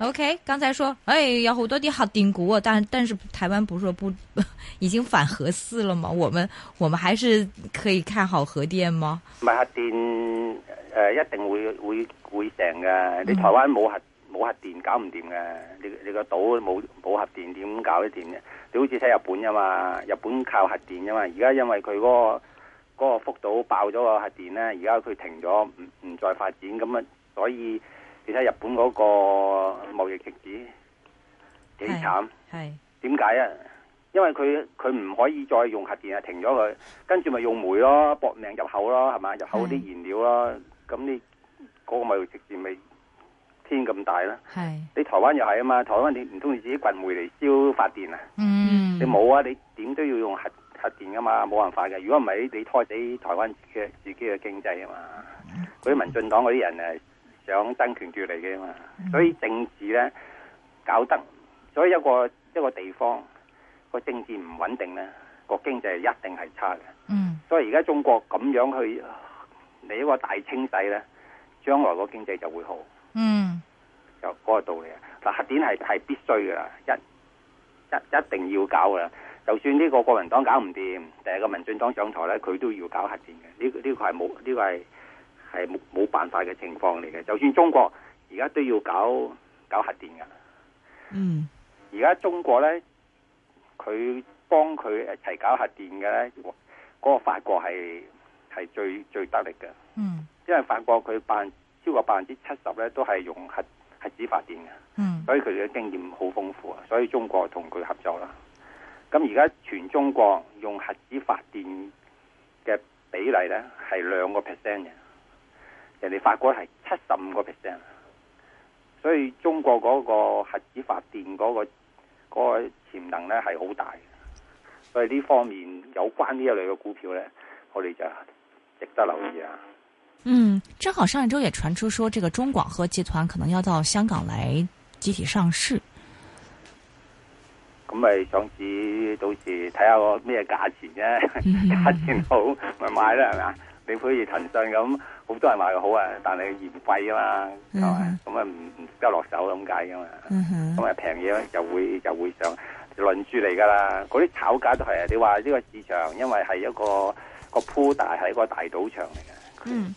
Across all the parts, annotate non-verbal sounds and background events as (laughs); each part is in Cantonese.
O.K.，剛才說，誒、哎，有好多啲核電股，但，但是台灣不是說不已經反核四了嗎？我們，我們還是可以看好核電嗎？唔係核電誒、呃，一定會會會成嘅。你台灣冇核冇核電搞唔掂嘅，你你個島冇冇核電點搞得掂嘅？你好似睇日本啊嘛，日本靠核電啊嘛，而家因為佢嗰個嗰個福島爆咗個核電咧，而家佢停咗，唔唔再發展，咁啊，所以。你睇日本嗰個貿易停止幾慘？係點解啊？因為佢佢唔可以再用核電啊，停咗佢，跟住咪用煤咯，搏命入口咯，係嘛，入口啲燃料咯。咁你嗰個貿易直接咪天咁大啦？係你台灣又係啊嘛？台灣你唔通你自己掘煤嚟燒發電啊？嗯，你冇啊？你點都要用核核電噶嘛？冇辦法嘅。如果唔係，你拖死台灣嘅自己嘅經濟啊嘛。嗰啲民進黨嗰啲人啊！想爭權奪利嘅嘛，嗯、所以政治呢，搞得，所以一個一個地方個政治唔穩定呢，個經濟一定係差嘅。嗯，所以而家中國咁樣去嚟一個大清洗呢，將來個經濟就會好。嗯就，就、那、嗰個道理啊。嗱，核電係係必須嘅喇，一一一定要搞嘅喇。就算呢個國民黨搞唔掂，第二個民進黨上台呢，佢都要搞核電嘅。呢、這、呢個係冇，呢個係。這個是係冇冇辦法嘅情況嚟嘅。就算中國而家都要搞搞核電㗎。嗯，而家中國呢，佢幫佢誒齊搞核電嘅呢，嗰個法國係係最最得力嘅。嗯，因為法國佢百超過百分之七十呢都係用核核子發電嘅。嗯，所以佢哋嘅經驗好豐富啊。所以中國同佢合作啦。咁而家全中國用核子發電嘅比例呢是，係兩個 percent 嘅。人哋法國係七十五個 percent，所以中國嗰個核子發電嗰、那個、那個潛能咧係好大，所以呢方面有關呢一類嘅股票咧，我哋就值得留意啊。嗯，正好上一周也傳出說，這個中廣核集團可能要到香港來集體上市。咁、嗯、咪上,上市、嗯嗯、上次到時睇下個咩價錢啫， (laughs) 價錢好咪買啦，係咪啊？你譬如騰訊咁，好多人話佢好啊，但係嫌貴啊嘛，係咁啊唔唔得落手咁解噶嘛？咁啊平嘢又會又會上就輪住嚟噶啦。嗰啲炒家都係啊！你話呢個市場因為係一個一個鋪大係一個大賭場嚟嘅。嗯。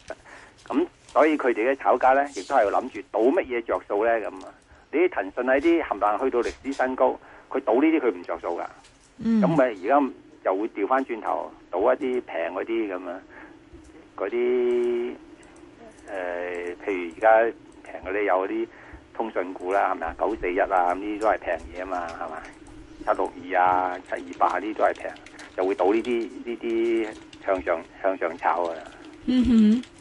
咁所以佢哋嘅炒家咧，亦都係諗住賭乜嘢着數咧？咁啊，你啲騰訊喺啲冚唪唥去到歷史新高，佢賭呢啲佢唔着數噶。咁咪而家就會掉翻轉頭賭一啲平嗰啲咁啊？嗰啲誒，譬如而家平嗰啲有啲通訊股啦，係咪啊？九四一啊，呢啲都係平嘢啊嘛，係咪？七六二啊，七二八呢啲都係平，就會倒呢啲呢啲向上向上炒啊。嗯哼。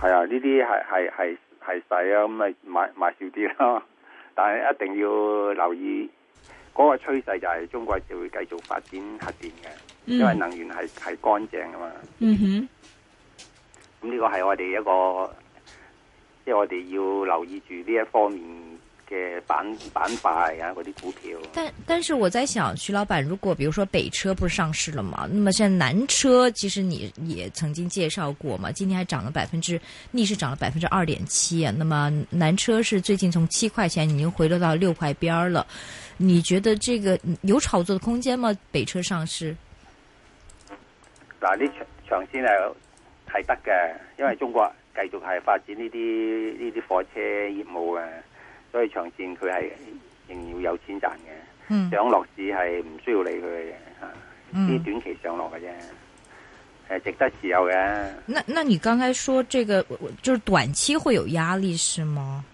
係啊，呢啲係係係係細啊，咁咪買買少啲啦。但係一定要留意嗰，那個趨勢，就係中國就會繼續發展核電嘅、嗯，因為能源係係乾淨㗎嘛。嗯哼，咁呢個係我哋一個，即、就、係、是、我哋要留意住呢一方面。嘅板板塊啊，嗰啲股票。但但是我在想，徐老闆，如果比如說北車不是上市了嗎？那麼現在南車，其實你也曾經介紹過嘛？今天還漲了百分之，逆勢漲了百分之二點七。那麼南車是最近從七塊錢已經回落到六塊邊兒了。你覺得這個有炒作的空間嗎？北車上市？嗱，呢長長線係係得嘅，因為中國繼續係發展呢啲呢啲火車業務啊。所以長線佢係仍然要有錢賺嘅，嗯，上落市係唔需要理佢嘅吓，啲、嗯、短期上落嘅啫，係值得持有嘅。那那你剛才說這個，就是短期會有壓力是嗎？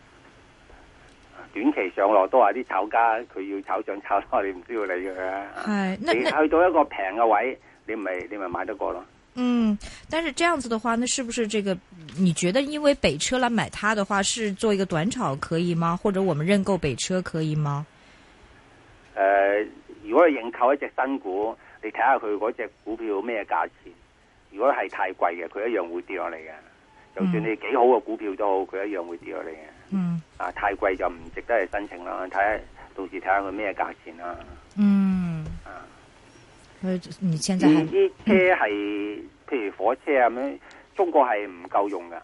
短期上落都係啲炒家，佢要炒上炒落，你唔需要理佢。係你去到一個平嘅位，你咪你咪買得過咯。嗯，但是這樣子的話，那是不是這個？你覺得因為北車來買它的話，是做一個短炒可以嗎？或者我們認購北車可以嗎？誒、呃，如果你認購一隻新股，你睇下佢嗰隻股票咩價錢。如果係太貴嘅，佢一樣會跌落嚟嘅。就算你幾好嘅股票都好，佢一樣會跌落嚟嘅。嗯。啊，太貴就唔值得去申請啦。睇下，到時睇下佢咩價錢啦。嗯。啊。你現在係啲車係、嗯，譬如火車啊咁，中國係唔夠用噶。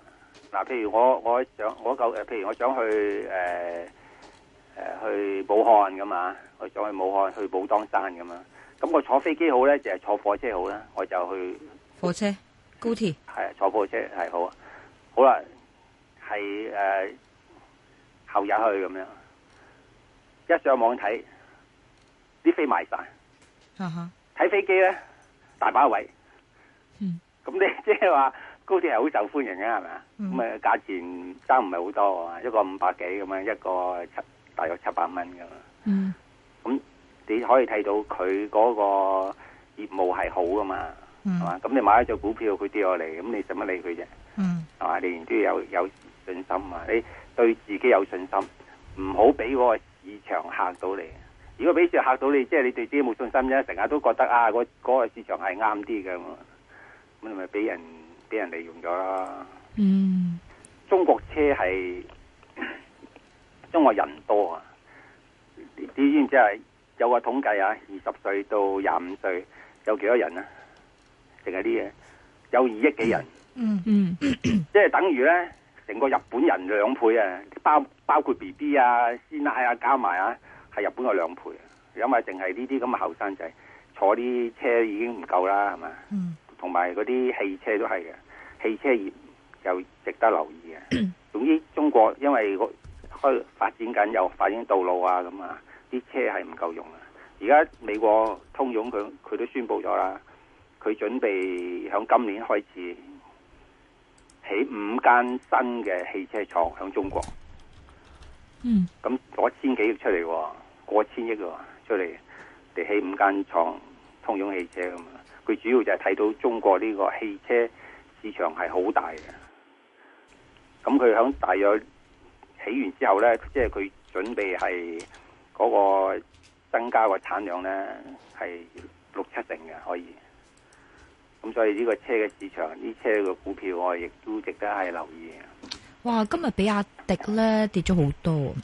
嗱，譬如我我想我夠誒，譬如我想去誒誒、呃呃、去武漢咁啊，我想去武漢去武當山咁啊。咁我坐飛機好咧，就係、是、坐火車好啦，我就去火車高鐵係坐火車係好啊。好啦、啊，係誒、呃、後日去咁樣，一上網睇啲飛賣晒。哼、uh -huh.。睇飛機咧，大把位。嗯，咁你即係話高鐵係好受歡迎嘅係咪？咁誒、嗯、價錢爭唔係好多啊，一個五百幾咁樣，一個七大約七百蚊㗎嘛。嗯，咁你可以睇到佢嗰個業務係好噶嘛？嗯，係嘛？咁你買咗隻股票佢跌落嚟，咁你點樣理佢啫？嗯，係嘛？你都要有有信心啊！你對自己有信心，唔好俾嗰個市場嚇到你。如果俾事嚇到你，即係你對自己冇信心啫，成日都覺得啊，嗰嗰、嗰個市場係啱啲嘅，咁你咪俾人俾人利用咗咯。嗯，中國車係中國人多啊，你知唔知即係有個統計啊，二十歲到廿五歲有幾多人啊？淨係啲嘢有二億幾人。嗯嗯，即係等於咧，成個日本人兩倍啊，包包括 B B 啊、師奶啊，加埋啊。係日本嘅兩倍，因為淨係呢啲咁嘅後生仔坐啲車已經唔夠啦，係嘛？嗯。同埋嗰啲汽車都係嘅，汽車業又值得留意嘅。嗯。總之中國因為個開發展緊又發展道路啊，咁啊啲車係唔夠用啊。而家美國通用佢佢都宣布咗啦，佢準備響今年開始起五間新嘅汽車廠響中國。嗯。咁攞千幾億出嚟喎。過千億喎出嚟，地起五間廠，通用汽車咁啊，佢主要就係睇到中國呢個汽車市場係好大嘅。咁佢響大約起完之後咧，即係佢準備係嗰個增加個產量咧，係六七成嘅可以。咁所以呢個車嘅市場，呢車嘅股票我亦都值得係留意。哇，今日比亞迪咧跌咗好多。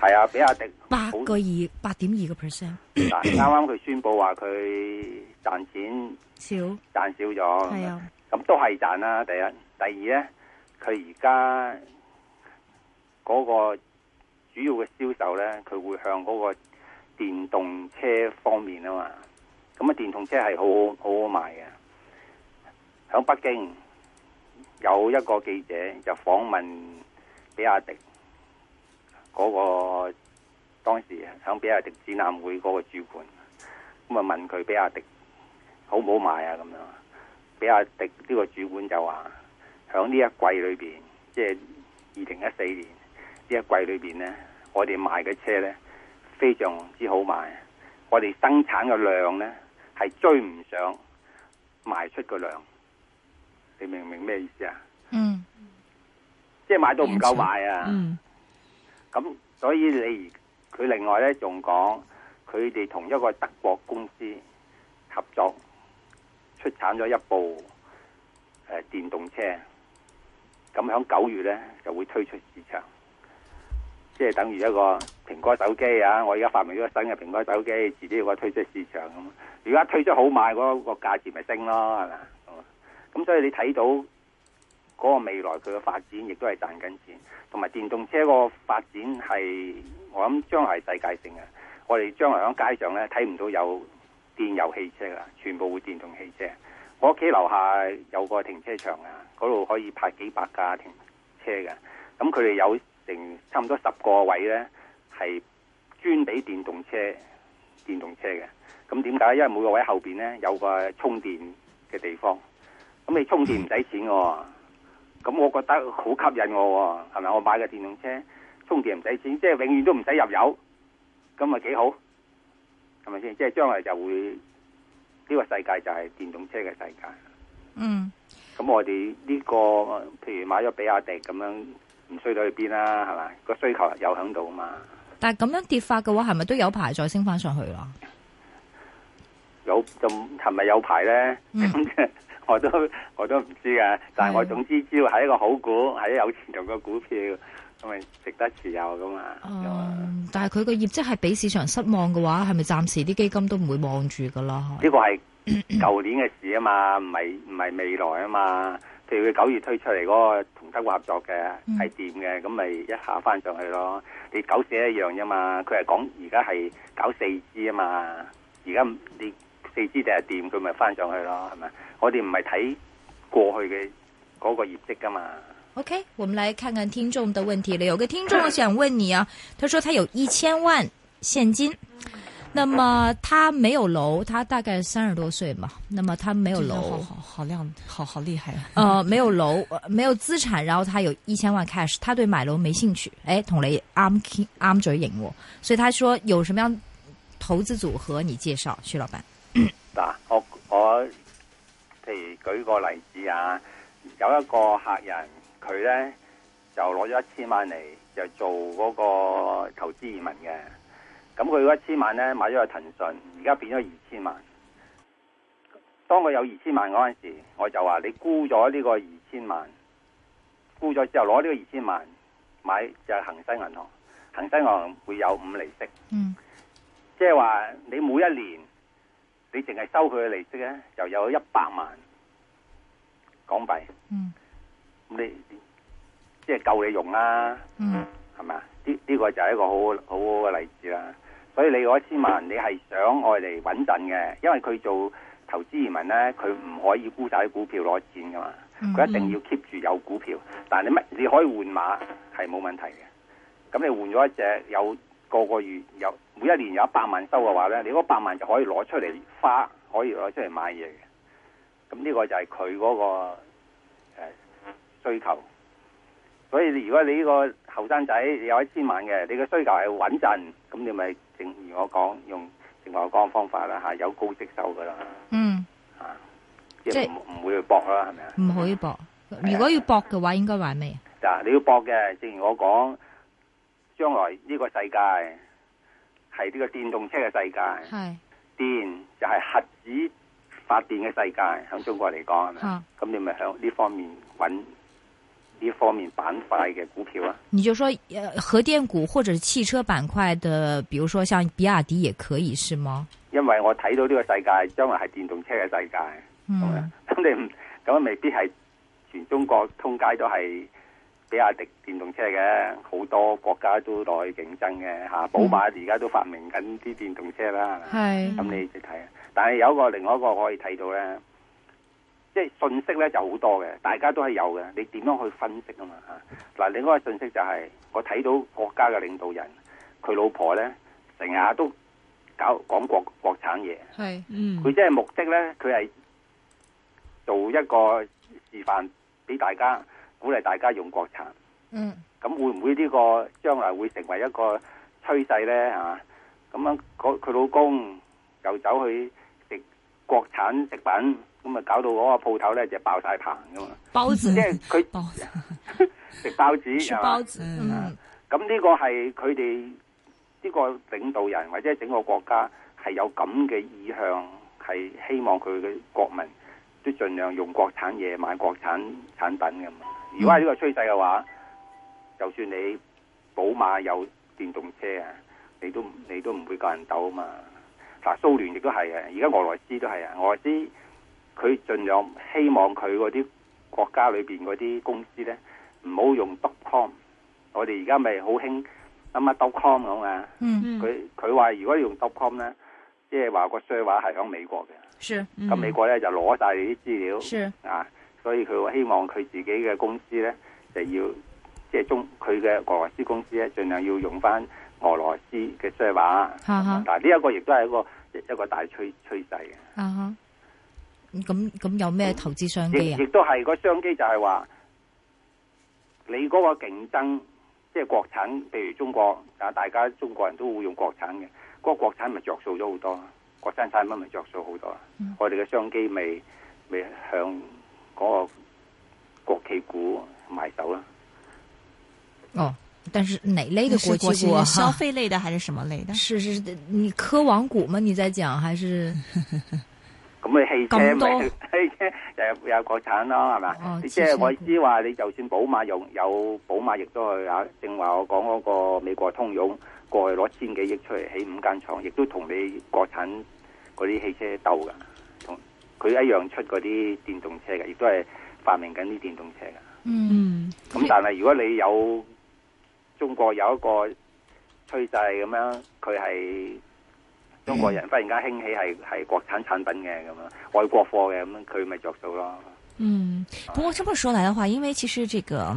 係啊，比亞迪八個二八點二個 percent。嗱，啱啱佢宣布話佢賺錢賺少了，賺少咗。係啊，咁都係賺啦。第一，第二咧，佢而家嗰個主要嘅銷售咧，佢會向嗰個電動車方面啊嘛。咁啊，電動車係好好好好賣嘅。響北京有一個記者就訪問比亞迪。嗰個當時響比亞迪展覽會嗰個主管，咁啊問佢，比亞迪好唔好賣啊？咁樣，比亞迪呢個主管就話，響呢一季裏邊，即係二零一四年呢一季裏邊咧，我哋賣嘅車咧非常之好賣，我哋生產嘅量咧係追唔上賣出嘅量，你明唔明咩意思啊？嗯，即係買到唔夠賣啊！嗯。咁所以你佢另外咧仲講，佢哋同一個德國公司合作，出產咗一部誒、呃、電動車，咁響九月咧就會推出市場，即係等於一個蘋果手機啊！我而家發明咗新嘅蘋果手機，遲啲要推出市場咁，如果推出好賣，嗰、那個價錢咪升咯，係咪？咁所以你睇到。嗰、那個未來佢嘅發展亦都係賺緊錢，同埋電動車個發展係我諗將來係世界性嘅。我哋將嚟喺街上咧，睇唔到有電油汽車噶，全部會電動汽車。我屋企樓下有個停車場啊，嗰度可以泊幾百架停車嘅。咁佢哋有成差唔多十個位呢，係專俾電動車電動車嘅。咁點解？因為每個位後邊呢，有個充電嘅地方。咁你充電唔使錢喎。咁我覺得好吸引我喎，係咪？我買嘅電動車充電唔使錢，即係永遠都唔使入油，咁咪幾好？係咪先？即係將來就會呢個世界就係電動車嘅世界。嗯。咁我哋呢個譬如買咗比亞迪咁樣，唔需要去邊啦，係咪？個需求有響度啊嘛。但係咁樣跌法嘅話，係咪都有排再升翻上去咯？有就係咪有排咧？嗯 (laughs) 我都我都唔知啊，但係我總之只要係一個好股，係有前途嘅股票，咁咪值得持有噶嘛。嗯、是但係佢個業績係俾市場失望嘅話，係咪暫時啲基金都唔會望住噶咯？呢個係舊年嘅事啊嘛，唔係唔係未來啊嘛。譬如佢九月推出嚟嗰個同德國合作嘅係掂嘅，咁、嗯、咪一下返上去咯。你九四一樣啫嘛，佢係講而家係搞四 G 啊嘛，而家你。四支第一掂，佢咪翻上去咯，係咪？我哋唔係睇過去嘅嗰個業績噶嘛。OK，我們來看看聽眾的問題了。有個聽眾想問你啊，他說他有一千萬現金，那麼他沒有樓，他大概三十多歲嘛，那麼他沒有樓，好好靚，好好厲害啊！呃，沒有樓，沒有資產，然後他有一千萬 cash，他對買樓沒興趣。哎，同雷啱啱嘴影我，所以他說有什麼樣投資組合？你介紹，徐老闆。嗱、啊，我我譬如舉個例子啊，有一個客人佢咧就攞咗一千萬嚟，就做嗰個投資移民嘅。咁佢嗰一千萬咧買咗個騰訊，而家變咗二千萬。當佢有二千萬嗰陣時候，我就話你沽咗呢個二千萬，沽咗之後攞呢個二千萬買就係恒生銀行，恒生銀行會有五厘息。嗯，即係話你每一年。你淨係收佢嘅利息咧，就有一百萬港幣。嗯，咁你即係夠你用啦、啊。嗯，係咪啊？呢呢、呢個就係一個好好好嘅例子啦。所以你嗰一千萬，你係想愛嚟穩陣嘅，因為佢做投資移民咧，佢唔可以沽晒啲股票攞錢噶嘛。佢、嗯、一定要 keep 住有股票，但係你乜你可以換馬係冇問題嘅。咁你換咗一隻有。個個月有每一年有一百萬收嘅話咧，你嗰百萬就可以攞出嚟花，可以攞出嚟買嘢嘅。咁、嗯、呢、這個就係佢嗰個、呃、需求。所以如果你呢個後生仔你有一千萬嘅，你嘅需求係穩陣，咁你咪正如我講用正如我講嘅方法啦嚇、啊，有高息收噶啦。嗯。啊，就是、即係唔唔會去搏啦，係咪啊？唔可以搏、啊。如果要搏嘅話，應該話咩。嗱、啊，你要搏嘅，正如我講。將來呢個世界係呢個電動車嘅世界，是電就係核子發電嘅世界。響中國嚟講，咁、啊、你咪響呢方面揾呢方面板塊嘅股票啊？你就說、啊、核電股或者汽車板塊的，比如說像比亞迪也可以，是嗎？因為我睇到呢個世界將來係電動車嘅世界，咁、嗯、你咁未必係全中國通街都係。比亞迪電動車嘅好多國家都去競爭嘅嚇，寶馬而家都發明緊啲電動車啦。係咁，你直睇。但係有個另外一個可以睇到咧，即係信息咧就好多嘅，大家都係有嘅。你點樣去分析嘛啊嘛嚇？嗱，另外一個信息就係、是、我睇到國家嘅領導人佢老婆咧，成日都搞講國國產嘢。係，嗯。佢即係目的咧，佢係做一個示範俾大家。鼓勵大家用國產，嗯，咁會唔會呢個將來會成為一個趨勢咧？嚇，咁樣佢佢老公又走去食國產食品，咁啊搞到嗰個鋪頭咧就爆晒棚噶嘛！包子，即係佢食包子，食 (laughs) 包子。嗯，咁呢個係佢哋呢個領導人或者整個國家係有咁嘅意向，係希望佢嘅國民都盡量用國產嘢、買國產產品噶嘛。如果係呢個趨勢嘅話，嗯、就算你寶馬有電動車啊，你都你都唔會夠人鬥啊嘛。嗱、啊，蘇聯亦都係啊，而家俄羅斯都係啊，俄羅斯佢盡量希望佢嗰啲國家裏邊嗰啲公司咧，唔好用 dot com 我。我哋而家咪好興阿乜 dot com 咁啊。嗯嗯。佢佢話如果你用 dot com 咧，即、就、係、是、話個衰話係響美國嘅。咁、嗯、美國咧就攞晒你啲資料。啊。所以佢話希望佢自己嘅公司咧，就要即係、就是、中佢嘅俄羅斯公司咧，盡量要用翻俄羅斯嘅說話。嗱、uh、呢 -huh. 一個亦都係一個一個大趨趨勢嘅。咁咁、uh -huh. 有咩投資商機啊？亦、嗯、都係、嗰個商機就係話，你嗰個競爭即係、就是、國產，譬如中國啊，大家中國人都會用國產嘅，嗰、嗰個國產咪着數咗好多，國產產品咪着數好多。Uh -huh. 我哋嘅商機未未向。嗰、那個國企股賣走啦。哦，但是哪類的國企股，消費類的還是什麼類的？是，是是，你科網股嗎？你在講還是？咁啊，汽車汽車 (laughs) 又有國產咯，係嘛？即、哦、係 (laughs) 我意思話，你就算寶馬用，有寶馬有，亦都係啊。正話我講嗰個美國通用過去攞千幾億出嚟起五間廠，亦都同你國產嗰啲汽車鬥噶。佢一樣出嗰啲電動車嘅，亦都係發明緊啲電動車嘅。嗯。咁但係如果你有中國有一個趨勢咁樣，佢係中國人、嗯、忽然間興起係係國產產品嘅咁樣，外國貨嘅咁樣，佢咪着數咯？嗯。不過，這麼說來的話，因為其實呢個。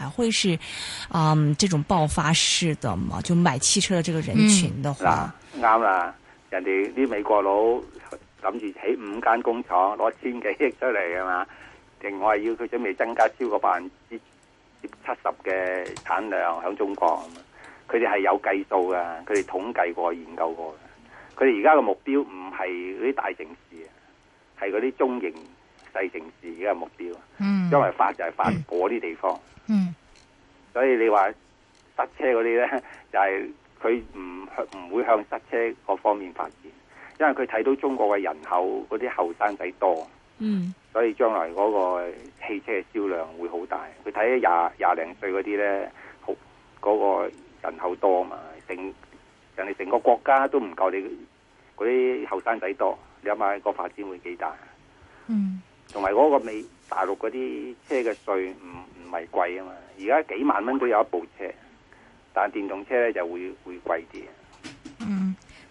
還會係是，嗯，這種爆發式的嘛？就買汽車的這個人群的話，啱、嗯、啦。人哋啲美國佬諗住起五間工廠，攞千幾億出嚟啊嘛。另外要佢準備增加超過百分之七十嘅產量響中國，佢哋係有計數㗎，佢哋統計過、研究過的。佢哋而家嘅目標唔係嗰啲大城市，係嗰啲中型、細城市而家嘅目標。因、嗯、為發就係發嗰啲地方。嗯嗯、mm.，所以你話塞車嗰啲呢，就係佢唔向唔會向塞車嗰方面發展，因為佢睇到中國嘅人口嗰啲後生仔多，嗯、mm.，所以將來嗰個汽車嘅銷量會好大。佢睇啲廿廿零歲嗰啲呢，好、那、嗰個人口多嘛，成人哋成個國家都唔夠你嗰啲後生仔多，你諗下個發展會幾大？同埋嗰個美大陸嗰啲車嘅稅唔？唔係貴吖嘛，而家幾萬蚊都有一部車，但電動車咧就會會貴啲。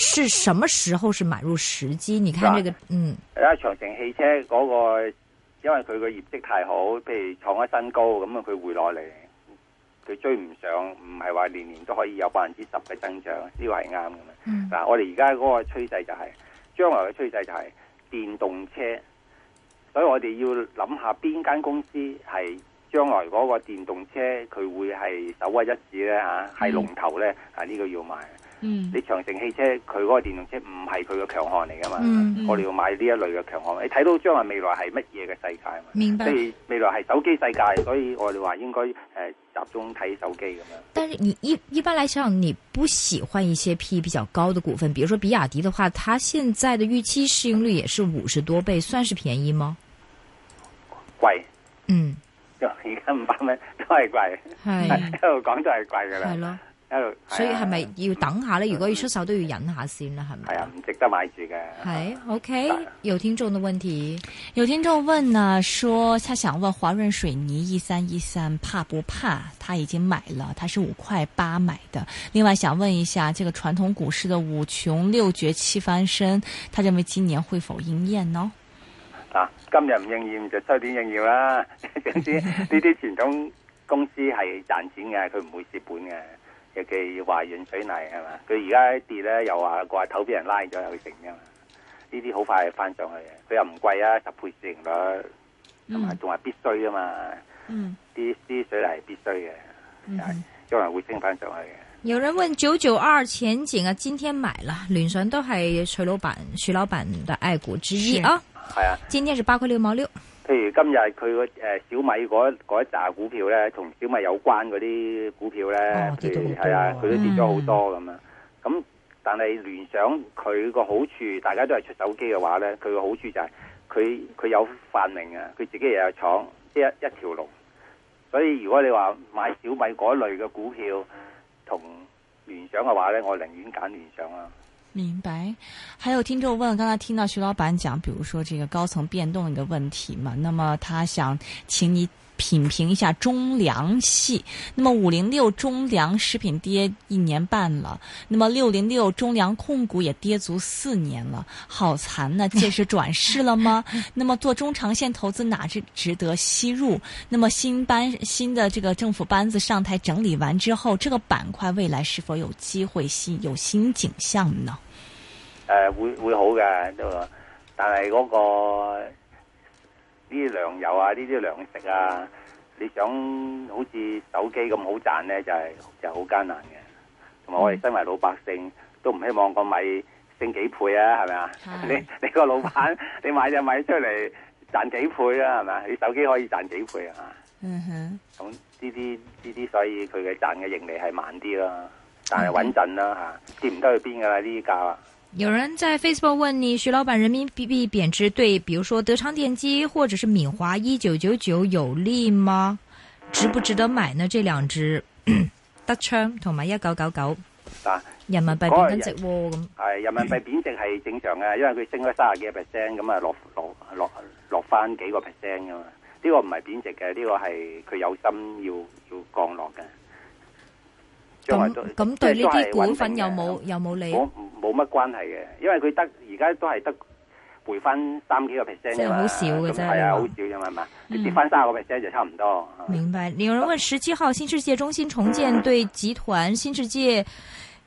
是什麼時候是買入時機？你看這個，嗯，因、啊、為長城汽車嗰、那個，因為佢個業績太好，譬如創咗新高，咁啊佢回落嚟，佢追唔上，唔係話年年都可以有百分之十嘅增長，呢個係啱嘅。嗱、嗯啊，我哋而家嗰個趨勢就係、是，將來嘅趨勢就係電動車，所以我哋要諗下邊間公司係將來嗰個電動車佢會係首屈一指咧吓，係、啊、龍頭咧，啊呢、這個要買。嗯，你長城汽車佢嗰個電動車唔係佢嘅強項嚟噶嘛？嗯嗯、我哋要買呢一類嘅強項。你睇到將來未來係乜嘢嘅世界嘛？明白。所以未來係手機世界，所以我哋話應該誒、呃、集中睇手機咁樣。但是你一一般來講，你不喜歡一些 P 比較高的股份，比如說比亞迪嘅話，它現在嘅預期市盈率也是五十多倍，算是便宜嗎？貴。嗯。而家五百蚊都係貴，係、嗯、 (laughs) 一路講都係貴噶啦。係咯。所以係咪要等下咧？如果要出手都要忍下先啦，係咪？係啊，唔值得買住嘅。係，OK。有聽眾的問題，有聽眾問呢、啊，說他想問華潤水泥一三一三怕不怕？他已經買了，他是五塊八買的。另外想問一下，這個傳統股市的五窮六絕七翻身，他認為今年會否應驗呢？啊今日唔應驗就秋天應驗啦。總之呢啲傳統公司係賺錢嘅，佢唔會蝕本嘅。尤其華潤水泥係嘛，佢而家跌咧又話掛頭俾人拉咗又剩噶嘛，呢啲好快翻上去嘅，佢又唔貴啊，十倍市盈率，同埋仲係必須噶嘛，嗯，啲啲水泥係必須嘅，係、嗯，因為會升翻上去嘅。有人問九九二前景啊，今天買了，聯想都係徐老闆、徐老闆嘅愛股之一啊，係、哦、啊，今天是八塊六毛六。譬如今日佢個誒小米嗰一扎股票咧，同小米有關嗰啲股票咧，譬如係、哦、啊，佢都跌咗好多咁樣。咁、嗯、但係聯想佢個好處，大家都係出手機嘅話咧，佢個好處就係佢佢有發明啊，佢自己又有廠，即係一條龍。所以如果你話買小米嗰類嘅股票同聯想嘅話咧，我寧願揀聯想啦。明白。還有聽眾問，剛才聽到徐老闆講，比如說這個高層變動一個問題嘛，那麼他想請你，品評，評一下中糧系，那麼五零六中糧食品跌一年半了，那麼六零六中糧控股也跌足四年了，好慘呐、啊！這是轉世了嗎？ (laughs) 那麼做中長線投資哪是值得吸入？那麼新班新的這個政府班子上台整理完之後，這個板塊未來是否有機會新有新景象呢？誒、呃，會會好嘅，但係嗰、那個。呢啲糧油啊，呢啲糧食啊，你想好似手機咁好賺呢，就係、係、就好、係、艱難嘅。同埋我哋身為老百姓，都唔希望個米升幾倍啊，係咪啊？你你個老闆，你買隻米出嚟賺幾倍啊，係咪啊？你手機可以賺幾倍啊？嗯哼，咁呢啲呢啲，所以佢嘅賺嘅盈利係慢啲咯，但係穩陣啦嚇，跌唔、啊、得去邊㗎啦呢啲價啊！有人在 Facebook 問你，徐老闆，人民幣幣貶值對，比如說德昌電機或者是敏華一九九九有利嗎？值不值得買呢？這兩支 (coughs) 德昌同埋一九九九嗱，人民幣貶值喎咁，係、那個、人，人民幣貶值係正常嘅， (coughs) 因為佢升咗三十幾 percent 咁啊，落落落落翻幾個 percent 噶嘛，呢、這個唔係貶值嘅，呢、這個係佢有心要要降落嘅。咁咁對呢啲股份有冇有冇利？冇乜關係嘅，因為佢得而家都係得回翻三幾個 percent 即係好少嘅啫。咁係啊，嗯、好少因為嘛，你跌翻三個 percent 就差唔多。明白。有人問十七號新世界中心重建對集團、嗯、新世界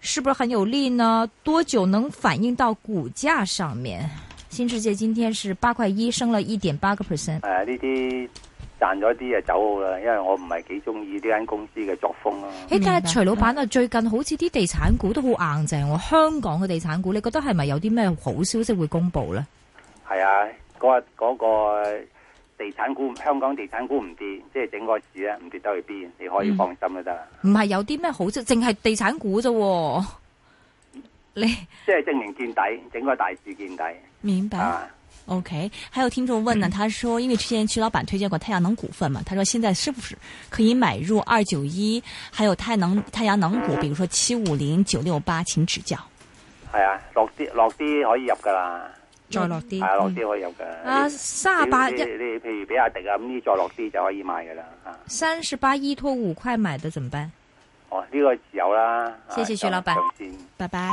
是不是很有利呢？多久能反映到股價上面？新世界今天是八塊一升了一點八個 percent。誒呢啲。啊賺咗啲就走好啦，因為我唔係幾中意呢間公司嘅作風咯、啊。誒，但係徐老闆啊，最近好似啲地產股都好硬淨、哦，香港嘅地產股你覺得係咪有啲咩好消息會公布咧？係啊，嗰嗰、嗰個地產股，香港地產股唔跌，即、就、係、是、整個市咧唔跌得去邊，你可以放心就得啦。唔、嗯、係有啲咩好啫，淨係地產股啫、哦。你即係證明見底，整個大市見底。明白。啊 OK，還有聽眾問呢、嗯，他說，因為之前徐老闆推薦過太陽能股份嘛，他說現在是不是可以買入二九一，還有太能太陽能股、嗯，比如說七五零九六八，請指教。係啊，落啲落啲可以入噶啦、嗯啊嗯啊，再落啲，係啊，落啲可以入噶。啊，卅八一，你你譬如比亞迪啊咁呢，再落啲就可以買噶啦。三十八，依托五塊買的怎麼辦？哦，呢、這個自有啦。謝謝徐、啊、老闆，拜拜。Bye bye